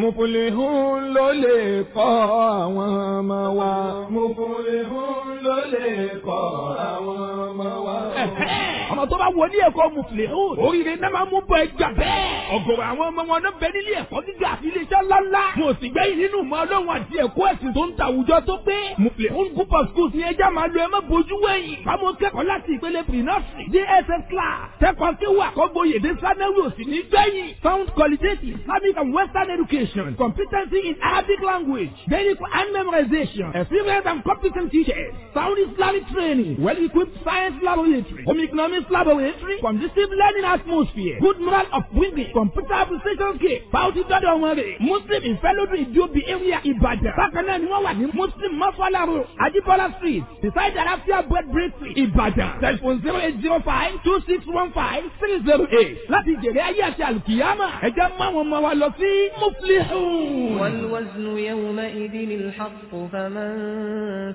Mupulihun ló lè kọ́ àwọn ọmọ wa. Mupulihun ló lè kọ́ àwọn ọmọ wa. Ọmọ tó bá wọlé ẹ̀kọ́ Mupulihun, oríire náà máa mú bọ ẹja bẹ́ẹ̀ ọ̀gọ̀rọ̀ àwọn ọmọ wọn náà bẹ nílé ẹ̀kọ́ gíga àti iléeṣẹ́ ńláńlá. mo sì gbẹ́yìn nínú ìmọ̀ ọlọ́run àti ẹ̀kọ́ ẹ̀sìn tó ń ta àwùjọ tó pé. muflihun group of schools ni ẹja máa lo ẹ má wẹ̀yìn. báwo kẹ́kọ̀ọ́ láti ìpele pre-nursery dss class tẹ́kọ̀ọ́ kéwù àkọ́gbóyèdè sanẹ́wì òsì ní gbẹ̀yìn. sound qualitative islamic and western education competency in arabic language basic and memorization experience and competent teachers sound islamic training well-equipped science laboratory home economics laboratory conducive learning atmosphere good moral of women kọ̀mpútà application kit báwùjì dọ́dọ̀ wọn rè muslim ìfẹ́lódún ìdíòbí area ìbàdàn bákan náà ni wọ́n wà ní muslim mọ́fọ́lárò ajibola street beside alafia bread bakery ìbàdàn telephone zero eight zero five two six one five three zero eight láti jèrè ayé àti àlùkìyàmà ẹ jẹ́ mọ́ àwọn ọmọ wa lọ sí muflihu. والوزن يومئذ الحق فمن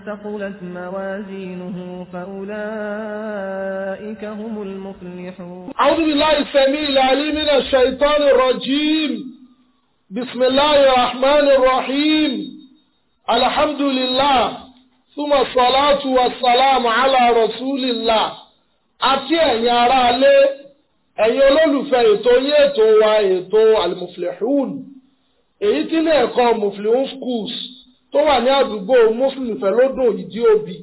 ثقلت موازينه فأولئك هم المفلحون. أعوذ بالله السميع العليم من الشيطان الشيطان الرجيم بسم الله الرحمن الرحيم الحمد لله ثم الصلاة والسلام على رسول الله àti ẹ̀yin aráalé ẹ̀yin olólùfẹ́ ètò yín ètò wa ètò almuflihun èyí tí ilé ẹ̀kọ́ muflihun schools tó wà ní àdúgbò muslim fẹ́lódò ìdí òbí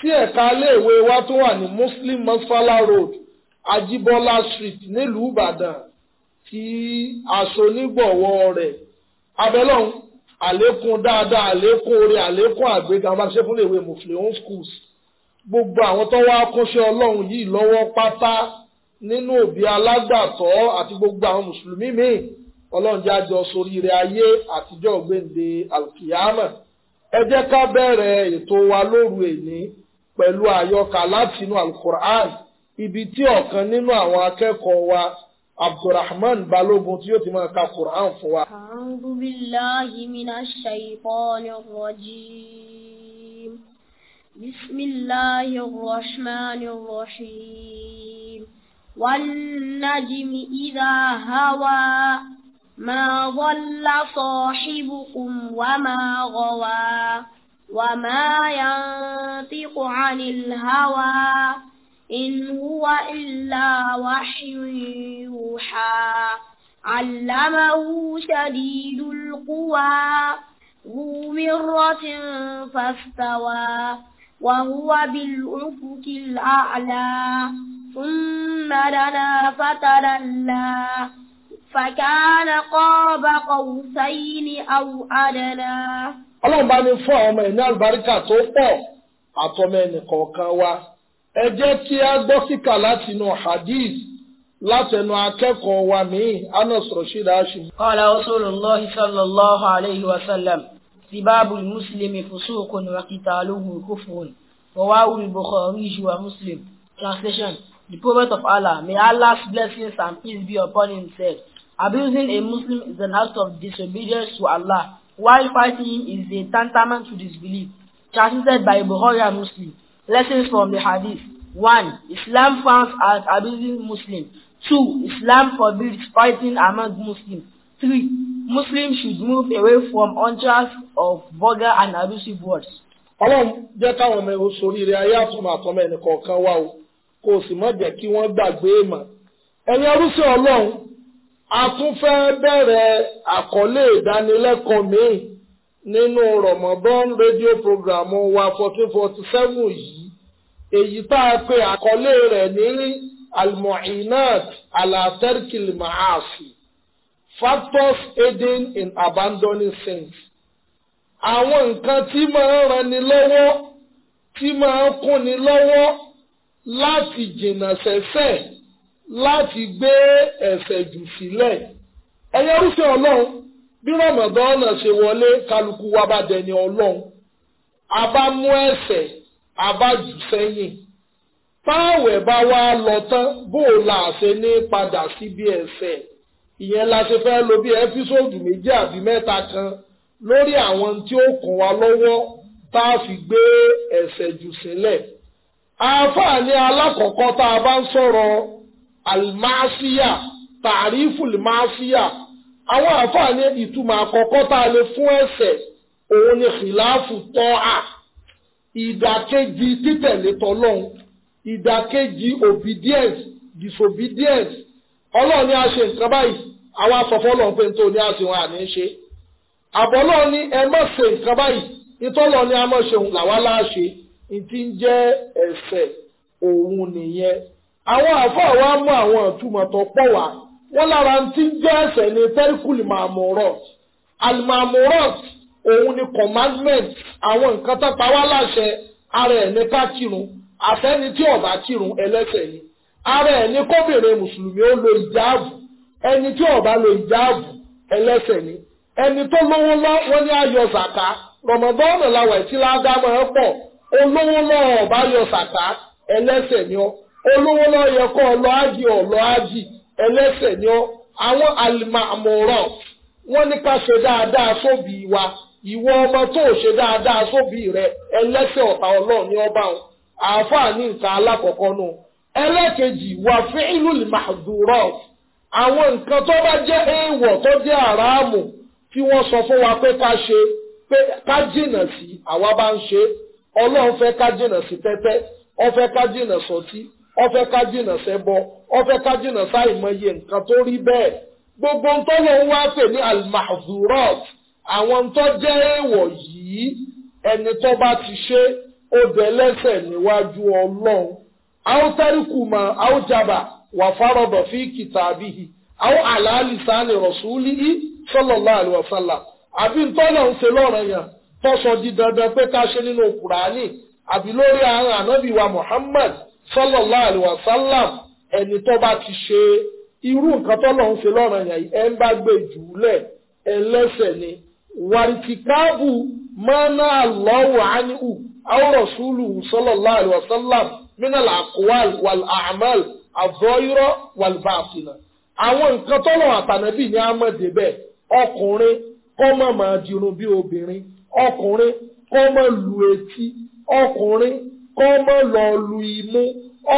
tí ẹ̀ka iléèwé wa tó wà ní muslim masfala road ajibola street nílùú ìbàdàn tí aṣonígbọ̀wọ́ rẹ̀ abẹ́lọ́hún àlékún dáadáa àlékún orí àlékún àgbéga bá ṣe fún ìwé mufleon schools gbogbo àwọn tó wá kúnṣẹ́ ọlọ́run yìí lọ́wọ́ pátá nínú òbí alágbàtọ́ àti gbogbo àwọn mùsùlùmí míì ọlọ́run jẹ́ àjọ soríire ayé àtijọ́ gbèǹde alkiyama ẹ jẹ́ ká bẹ̀rẹ̀ ètò wa lóru èní pẹ̀lú àyọkà látinú alukur'an ibi tí ọ̀kan nínú àwọn akẹ́kọ̀ọ́ wa عبد الرحمن بالو غونتيو تي مان كا قران فوا اعوذ بالله من الشيطان الرجيم بسم الله الرحمن الرحيم والنجم اذا هوى ما ضل صاحبكم وما غوى وما ينطق عن الهوى إن هو إلا وحي يوحى علمه شديد القوى ذو مرة فاستوى وهو بالأفق الأعلى ثم دنا فتدلى فكان قاب قوسين أو أدنى. ọlọ́run bá ní fún àwọn ọmọ ẹ̀ ní ẹ jẹ́ kí a gbọ́ síkà láti inú hadith látẹnu akẹ́kọ̀ọ́ wa míì anas rashid hashim. qala rasulullahi sallallahu alayhi wa sallam sibabu muslimi fusuqun wa qitaluhu kufrun rawahu al-bukhari wa muslim translation the prophet of allah may allah's blessings and peace be upon him said abusing a muslim is an act of disobedience to allah while fighting him is a tantamount to disbelief translated by Buhari muslim Lessons from the Hadith. One, Islam frowns at abusing Muslims. Two, Islam forbids fighting among Muslims. Three, Muslims should move away from untruths of vulgar and abusive words. Ọlọ́run jẹ́ káwọn ọmọ ẹ̀hún sórí rẹ̀ ayé àtúmọ̀ àtọmọ ẹnì kọ̀ọ̀kan wá o kò sì má jẹ́ kí wọ́n gbàgbé èèmọ̀. Ẹ̀yin arúsẹ̀ Ọlọ́run a tún fẹ́ bẹ̀rẹ̀ àkọlé ìdánilẹ́kọ̀ọ́ mìíràn nínú Ramadan rédíò programu wa fourteen forty seven yìí èyí tá a pe àkọlé rẹ̀ ní almoinat alaterkil maasi factors aiding in abandoning sins àwọn nǹkan tí máa ń ranni lọ́wọ́ tí máa ń kúnni lọ́wọ́ láti jìnnà sẹ́ṣẹ̀ láti gbé ẹ̀ṣẹ̀ jù sílẹ̀ ẹ̀yẹ́rúfẹ́ ọlọ́run bí rọmọdọ́nà ṣe wọlé kálukú wa bá dẹni ọlọ́run a bá mú ẹsẹ̀ a bá jù sẹ́yìn táwẹ̀ bá wá lọ tán bó o là ṣe ní padà síbi ẹsẹ̀ ìyẹn la ṣe fẹ́ lo bí ẹ́písòdù méjì àbí mẹ́ta kan lórí àwọn tí ó kàn wá lọ́wọ́ tá a fi gbé ẹsẹ̀ jù sílẹ̀ àǹfààní alákọ̀ọ́kọ́ tá a bá ń sọ̀rọ̀ àlùmáṣíyà tàrífù lùmáṣíyà àwọn àǹfààní ìtumọ̀ àkọ́kọ́ tá a lè fún ẹ̀ṣẹ̀ òun ni khìláàfù tọ́ à ìdàkejì títẹ̀lé tọlọ́hun ìdàkejì obedience disobedience ọlọ́run ní a ṣe nǹkan báyìí àwa sọ fọlọ́run pé nítorí a ṣe wọn àní ṣe àbọ̀ ọlọ́run ní ẹ má ṣe nǹkan báyìí ìtọ́lọ́ ní a má ṣe òun ti ń jẹ́ ẹ̀ṣẹ̀ òun nìyẹn àwọn àfọ̀ wa mú àwọn ìtumọ̀ tó pọ̀ wá wọ́n lára ti ń jẹ́ ẹ̀ṣẹ̀ ní tẹ́ríkùlì màmúrọ̀t àlùmàmúrọ̀t òun ni commandment àwọn nǹkan tó pa wá láṣẹ ara ẹ̀ ní ká kírun àfẹ́ni tí ọ̀bá kírun ẹlẹ́ṣẹ̀ ni ara ẹ̀ ní kóbìnrin mùsùlùmí ó lo ìjáàbù ẹni tí ọ̀bá lo ìjáàbù ẹlẹ́ṣẹ̀ ni ẹni tó lówó lọ wọ́n ní ayọ zàká rọmọdọ́ọ̀nù làwọn ẹ̀tí ládàmọ́ ẹ pọ̀ olówó lọ ọ̀bá yọ zàká ẹlẹ́ṣẹ̀ ni ọ olówó lọ yẹ kọ́ ọ lọ ájì ọ lọ ájì ẹlẹ́sẹ̀ ni ọ́ àwọn àlìmọ̀ọ́rọ̀ wọ́n ní ká ṣe dáadáa sóbì wa ìwọ ọmọ tó ṣe dáadáa sóbì rẹ ẹlẹ́sẹ̀ ọ̀tá ọlọ́run ní ọba wọn àáfàá ní nǹkan alákọ̀ọ́kọ́ nù ẹlẹ́kejì wà fún ìlú màdùrọ̀ àwọn nǹkan tó bá jẹ́ èèwọ̀ tó jẹ́ àràámù tí wọ́n sọ fún wa pé ká ṣe pé ká jìnà sí àwa bá ń ṣe ọlọ́run fẹ́ ká jìnà sí tẹ́tẹ́ ọ fẹ́ ká jìnà sọtí ọfẹ́ ká jìnà sẹ́bọ ọfẹ́ ká jìnà sáìmọye nǹkan tó rí bẹ́ẹ̀ gbogbo ntọ́lọ̀ ń wá pè ní almahzurat àwọn ntọ́ jẹ́ èèwọ̀ yìí ẹni tó bá ti ṣe ó dẹlẹ́ṣẹ̀ níwájú ọlọ́run àwòtẹ́ríkù mọ àwòjàbà wà fárọ̀dọ̀ fi kìtàbí yìí àwọ̀ àlàálì sáni rọ̀ṣúlì yìí sallallahu alaihi wasallam àbí ntọ́lọ̀ ń ṣe lọ́rọ̀ yẹn tọ́sọ di dandan pé ká ṣe nínú kùránì àbí lórí àwọn ànábì wa Muhammad sallallahu alaihi wasallam ẹni tó bá ti ṣe irú nǹkan tọ́lọ̀ ń ṣe lọ́rọ̀ yẹn ẹ ń bá gbé jùúlẹ̀ ẹlẹ́sẹ̀ ni wàrìtìkáàbù mọ́nà lọ́wọ́ ánìhù àwòrán sùúlù sallallahu alaihi wasallam mínàlá àkúwàl wàl àmàl àzọ́yúrọ́ wàl bàtìnà àwọn nǹkan tọ́lọ̀ àtànàbì ní amọ̀dé bẹ́ẹ̀ ọkùnrin kọ́ mọ̀ máa dirun bí obìnrin ọkùnrin kọ́ mọ̀ lu etí ọkùnrin kọ́ mọ́ lọ lu imú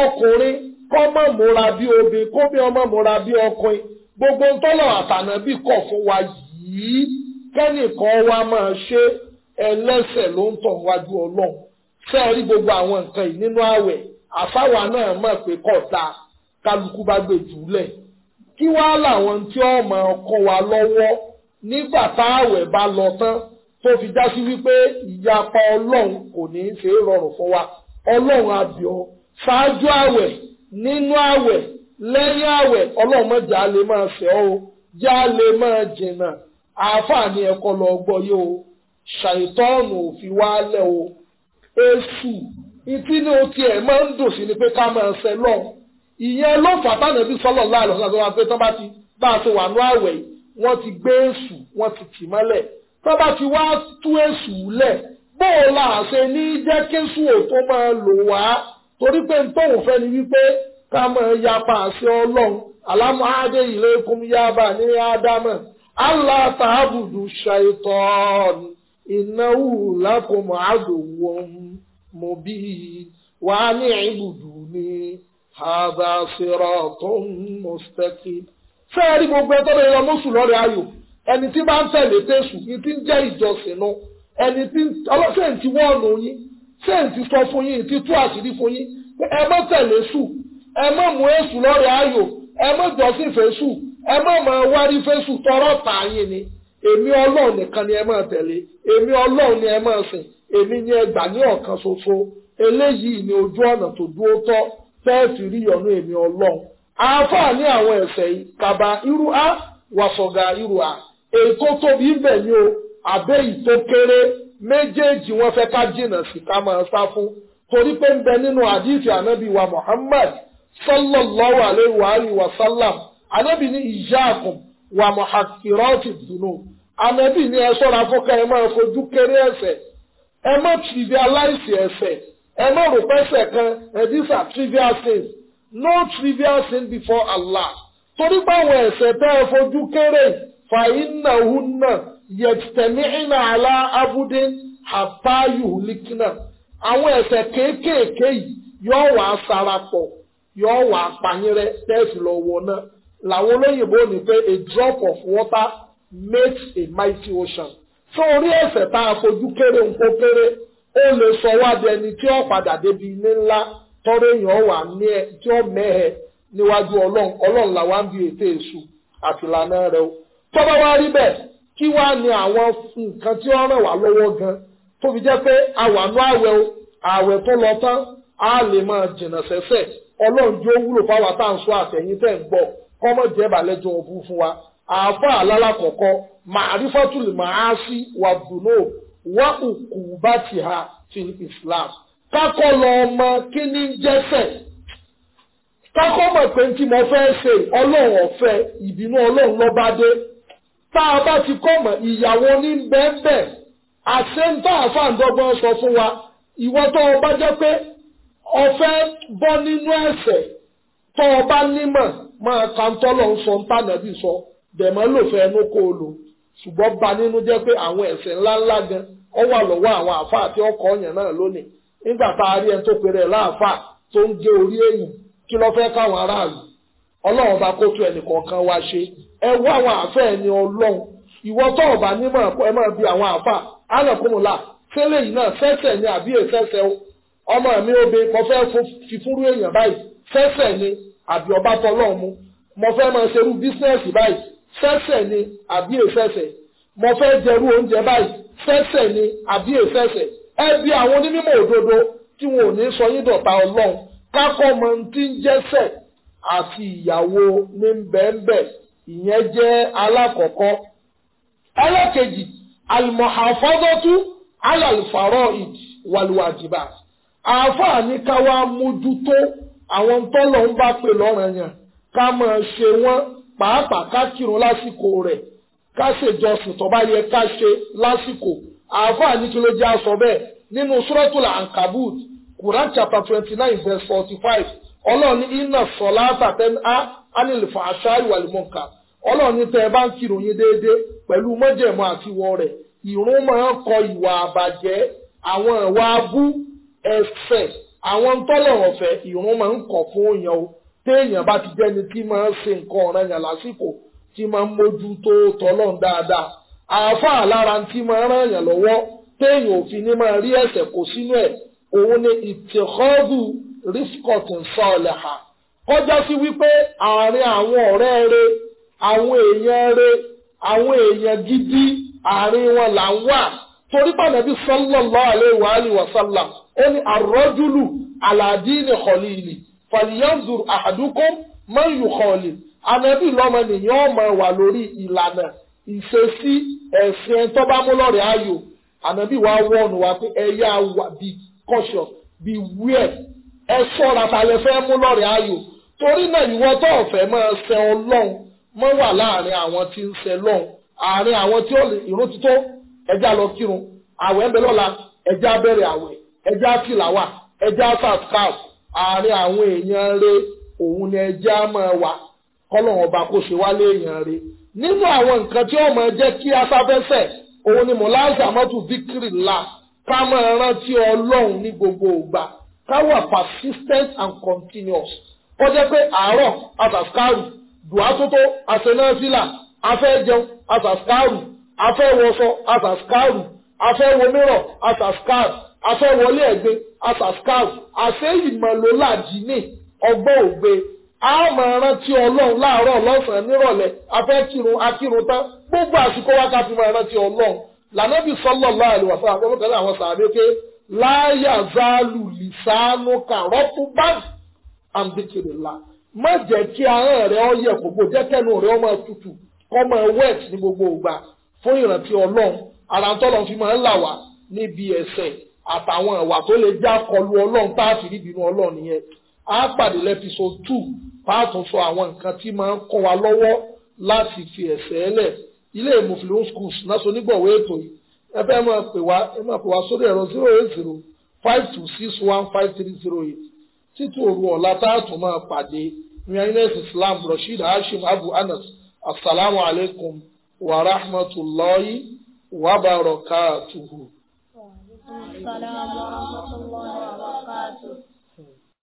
ọkùnrin kọ́ mọ́ múra bí obìnrin kó bí ọmọ múra bí ọkùnrin gbogbo tọ́lọ̀ àtànà bí kọ̀ fún wa yìí kẹ́nìkan wa máa ṣe ẹlẹ́sẹ̀ ló ń tọ̀ wájú ọlọ́run ṣé ẹ rí gbogbo àwọn nǹkan yìí nínú ààwẹ̀ àfáwà náà mọ̀ pé kọ̀ ta kálukú bá gbè jùlẹ̀ kí wàá làwọn tí ó máa kọ́ wa lọ́wọ́ nígbà táàwẹ̀ bá lọ tán tó fi já sí wípé ìyapa ọlọ́run kò ní í ṣe é rọrùn fún wa ọlọ́run àbíọ́ ṣáájú àwẹ̀ nínú àwẹ̀ lẹ́yìn àwẹ̀ ọlọ́run mọ̀jà á lè máa fẹ́ ọ́ já lè máa jìnnà àáfààní ẹ̀kọ́ lọ gbọ́ yìí o ṣàìtọ́ọ̀nù òfin wálẹ̀ o èṣù ìtí ní otí ẹ̀ máa ń dùn sí ni pé ká máa ṣẹ lọ́ọ̀ ìyẹn ló fà tánàbí sọ́lọ̀ láàlọ́ sọ́lọ́ pé tán bá ti bá a ṣe wà ní àwẹ̀ wọ́n ti gbé èṣù wọ́n ti tì mọ́lẹ̀ tán bá ti wá tú èṣù lẹ̀ bó o là ṣe ní jẹ́ kéṣù tó máa lò wá torí pé tóun fẹ́ ni wípé ká máa yapa àṣẹ ọlọ́run alámú adé ilé kún yaba ní ádámọ̀ alátàbùdù ṣàìtọ́ọ̀nù ìnáwó lákòmọ̀ àdòwò mọ̀bí wàá ní ìbùdù ní hàdà siratun mustaqim. fẹ́ẹ́ rí gbogbo ẹtọ́ lórí ọmọ sùn ayò ẹni tí bá ń tẹ̀lé tẹ̀sù ní ti ń jẹ́ ìjọsìn náà ẹni tí ọlọ́sẹ̀ ti wọ́ọ̀nù yín sẹ́ǹtì sọ fún yín ti tú àṣírí fún yín ẹ má tẹ̀lé sù ẹ má mú èṣù lọ́rẹ̀ ayò ẹ má jọ́sìn fẹ́ṣù ẹ má mọ wárí fẹ́ṣù tọrọ tààyè ni èmi ọlọ́run nìkan ni ẹ máa tẹ̀lé èmi ọlọ́run ni ẹ máa sìn èmi ni ẹ gbà ní ọ̀kan ṣoṣo eléyìí ni ojú ọ̀nà tó dúró tọ́ tẹ́ẹ̀fì rí ọ̀nà èmi ọlọ́run àáfàá ní àwọn ẹ̀ṣẹ̀ yìí kàbá irú a wàṣọ̀gà irú a èyí tó tóbi bẹ̀ ni o àbẹ́yì tó kéré méjèèjì wọ́n fẹ́ ká jìnnà sí ká máa sá fún torí pé ń bẹ nínú àdìsí ànábì wa Muhammad sallallahu alayhi wa sallam ànábì ní ìyáàkùn wa muhakkirati dùnú ànábì ní ẹ ṣọ́ra fọ́kà ẹ máa fojú kéré ẹ̀ṣẹ̀ ẹ má trivialize ẹ̀ṣẹ̀ ẹ má rò pẹ́ṣẹ̀ kan ẹ eh, these are trivial things no trivial sin before Allah torí pé àwọn ẹ̀ṣẹ̀ tẹ́ ẹ fojú kéré fàyín náà hùn náà yẹtẹmíìnà alá abúdé àpáyù líkínà àwọn ẹ̀ṣẹ̀ kéékèèké yìí yóò wá sarapọ̀ yóò wá pàyẹrẹ tẹ́sí lọ́wọ́ náà làwọn olóyìnbó ní pé a drop of water makes a mighty ocean tó orí ẹ̀ṣẹ̀ tá a fojú kéré nǹkó kéré ó lè sọ wá di ẹni tí ó padà débi ilé ńlá tọ́rọ èèyàn wà ní ẹ tí ó mẹ́hẹ níwájú ọlọ́run ọlọ́run làwọn á bí ètè èṣù àtìlànà rẹ o tọ́ba wá rí bẹ́ẹ̀ kí wá ní àwọn nǹkan tí ó ràn wá lọ́wọ́ gan tó fi jẹ́ pé àwànú àwẹ̀ o àwẹ̀ tó lọ tán á lè máa jìnnà sẹ́sẹ̀ ọlọ́run jó wúlò fáwa tá à ń sọ àtẹ̀yìn tẹ̀ ń gbọ́ kọ́mọ̀ jẹ́ ìbàlẹ́jọ òbú fún wa àáfà alálàkọ̀kọ́ màrífàtúlì màá sí wà dùnú wà òkú bá ti ha ti Islam kákọ́ lọ ọmọ kí ní jẹ́sẹ̀ kákọ́ mọ̀ pé tí mo fẹ́ ṣe ọlọ́run ọ̀fẹ́ ìbínú ọlọ́run lọ́bádé tá a bá ti kọ́ mọ̀ ìyàwó ní bẹ́ẹ̀bẹ́ àṣẹ́ńtà àfàǹdọ́gbọ́n sọ fún wa ìwọ tó o bá jẹ́ pé ọ̀fẹ́ bọ́ nínú ẹ̀ṣẹ̀ tó o bá nímọ̀ máa ka ń tọ́lọ̀ ń sọ ń tànàbí sọ dẹ̀mọ́ lòfẹ́ ẹnu kó o lò ṣùgbọ́n ba nínú jẹ́ pé àwọn ẹ̀ṣẹ̀ ńláńlá gan ọ wà lọ́wọ́ àwọn àáfàá àti ọkọ̀ ọ̀yàn náà lónìí nígbà tá a rí ẹni tó pèrè láàfáà tó ń gé orí èyí kí ló fẹ́ káwọn aráàlú ọlọ́run bá kó tó ẹnì kọ̀ọ̀kan wá ṣe ẹ wá àwọn àfẹ́ ẹni ọlọ́run ìwọ tó ọ̀bà nímọ̀ ẹ máa bi àwọn àfà alẹ́kùnmùlà tẹ́lẹ̀ yìí náà fẹ́sẹ̀ ni àbí èfẹ́sẹ̀ o ọmọ mi obe mo fẹ́ fi fúrú èèyàn báyìí fẹ́sẹ̀ ni àbí ọba tọ́lọ́ mu mo fẹ́ máa ṣerú bísínẹ́sì báyìí fẹ́sẹ̀ ni àbí èfẹ́sẹ̀ mo fẹ́ jẹrú oúnjẹ báyìí fẹ́sẹ̀ ni àbí èfẹ́sẹ̀ ẹ bí àwọn onímọ̀ òdodo tí wọn ò ní sọ yín dọ̀tá ọlọ́run kákọ́ mọ ti ń jẹ́sẹ̀ àti ìyàwó ní bẹ́ẹ̀nbẹ́ẹ̀ ìyẹn jẹ́ alákọ̀ọ́kọ́ ẹlẹ́kejì almuhafazatu alalfaraid wàlúwàjìbà àáfàá ní ká wá mójútó àwọn tọ́lọ̀ ń bá pè lọ́ranyàn ká máa ṣe wọ́n pàápàá ká kírun lásìkò rẹ̀ ká ṣèjọsìn tó bá yẹ ká ṣe lásìkò àáfàá ní kí ló jẹ́ aṣọ bẹ́ẹ̀ nínú suratul ankabut quran chapter twenty nine verse forty five ọlọ́ọ̀ni iná sọ̀lá àtàtẹ́ni á ánìlẹ̀fọ̀ àṣà ìwàlúmọ̀ǹkà ọlọ́run ní tẹ́ ẹ bá ń kírun yín déédéé pẹ̀lú mọ́jẹ̀mú àti ìwọ rẹ̀ ìrun máa ń kọ ìwà àbàjẹ́ àwọn ìwà abú ẹ̀ṣẹ̀ àwọn tọ́lọ̀rọ̀ fẹ́ ìrun máa ń kọ̀ fún èèyàn o téèyàn bá ti jẹ́ni tí máa ń ṣe nǹkan ọ̀ràn yàn lásìkò tí máa ń mójú tó tọ́lọ̀ dáadáa àáfàá lára tí máa ń ràn yàn lọ́wọ́ téèyàn ò fi ní máa rí ẹ̀ṣẹ̀ kó sínú ẹ̀ òun ni ìtìkọ́dù rìskọ̀tì sọ̀lẹ̀ hà kọjá sí wípé àárín àwọn ọ̀rẹ́ rẹ̀ àwọn èèyàn rẹ àwọn èèyàn gidi àárín wọn là ń wà torí pàdánù sallallahu alaihi wa alihi wa sallam ó ní àrọ́júlù aladini khalili falyanzur ahadukum man yukhalil anabi lọ́mọ nìyẹn ọmọ wà lórí ìlànà ìṣesí ẹ̀sìn tó bá ayò anabi wa wọ́ọ̀nù wa pé ẹ̀yà wà bí kọ́ṣọ̀ bí wíẹ̀ ẹ sọ́ra tàlẹ́ fẹ́ mú ayò torí náà ìwọ tó ọ̀fẹ́ máa ṣe ọlọ́run mọ́ wà láàrin àwọn tí ń ṣe lọ́hùn àárín àwọn tí ìrun ti tó ẹja lọ kírun àwẹ̀ ń bẹ lọ́la ẹja bẹ̀rẹ̀ àwẹ̀ ẹja tìlàwà ẹja sàtkáf àárín àwọn èèyàn rẹ òun ni ẹja máa wà kọ́lọ́hún ọba kó ṣe wálé èèyàn rẹ nínú àwọn nǹkan tí ó máa jẹ́ kí asáfẹ́fẹ́ òun ni mọ̀láṣà mọ́tò díkìrì ńlá ká máa rántí ọlọ́run ní gbogbo ìgbà ká wà persistent and continuous kọjá pé àárọ̀ àtàkárù dùátótó àṣenáfílà afẹ́jẹun àṣàṣkáàrù afẹ́wọṣọ àṣàṣkáàrù afẹ́wọmírọ̀ àṣàṣkáàrù afẹ́wọlé ẹ̀gbẹ́ àṣàṣkáàrù àṣẹ ìmọ̀lólàjì ní ọgbọ́n ògbé a máa rántí ọlọ́run láàárọ̀ lọ́sàn-án nírọ̀lẹ́ afẹ́kírun akírun tán gbogbo àsìkò wa ká fi máa rántí ọlọ́run lànàbí sallallahu alaihi wasallam àpọ́nlọ́kẹ́lẹ́ àwọn sàbẹ̀ pé láyà zálù lìsánú kàrọ́pù báàgì àǹdíkèrè láà má jẹ́ kí ahọ́n rẹ ọ yẹ kókó jẹ́ kẹ́nu rẹ ọ máa tutù kọ́ máa wet ní gbogbo ìgbà fún ìrántí ọlọ́run ara tọ́lọ́run fi máa ń là wá níbi ẹ̀ṣẹ̀ àtàwọn ìwà tó lè já kọlu ọlọ́run tá a sì rí ìbínú ọlọ́run nìyẹn á pàdé lẹ́písọ̀ two pààtún sọ àwọn nǹkan tí máa ń kọ́ wa lọ́wọ́ láti fi ẹ̀ṣẹ̀ ẹlẹ̀ ilé ìmùfìlún schools náà so nígbọ̀wé ètò yìí ẹ fẹ́ máa pè wá ẹ máa pè wá sórí ẹ̀rọ zero eight zero five two six one five three zero eight títí òru ọ̀la táàtún máa pàdé united islam rasheed hashim abu anas asalaamu alaykum wa rahmatulahi wa barakatuhu. asalaamu alaykum wa rahmatulahi wa barakatuhu.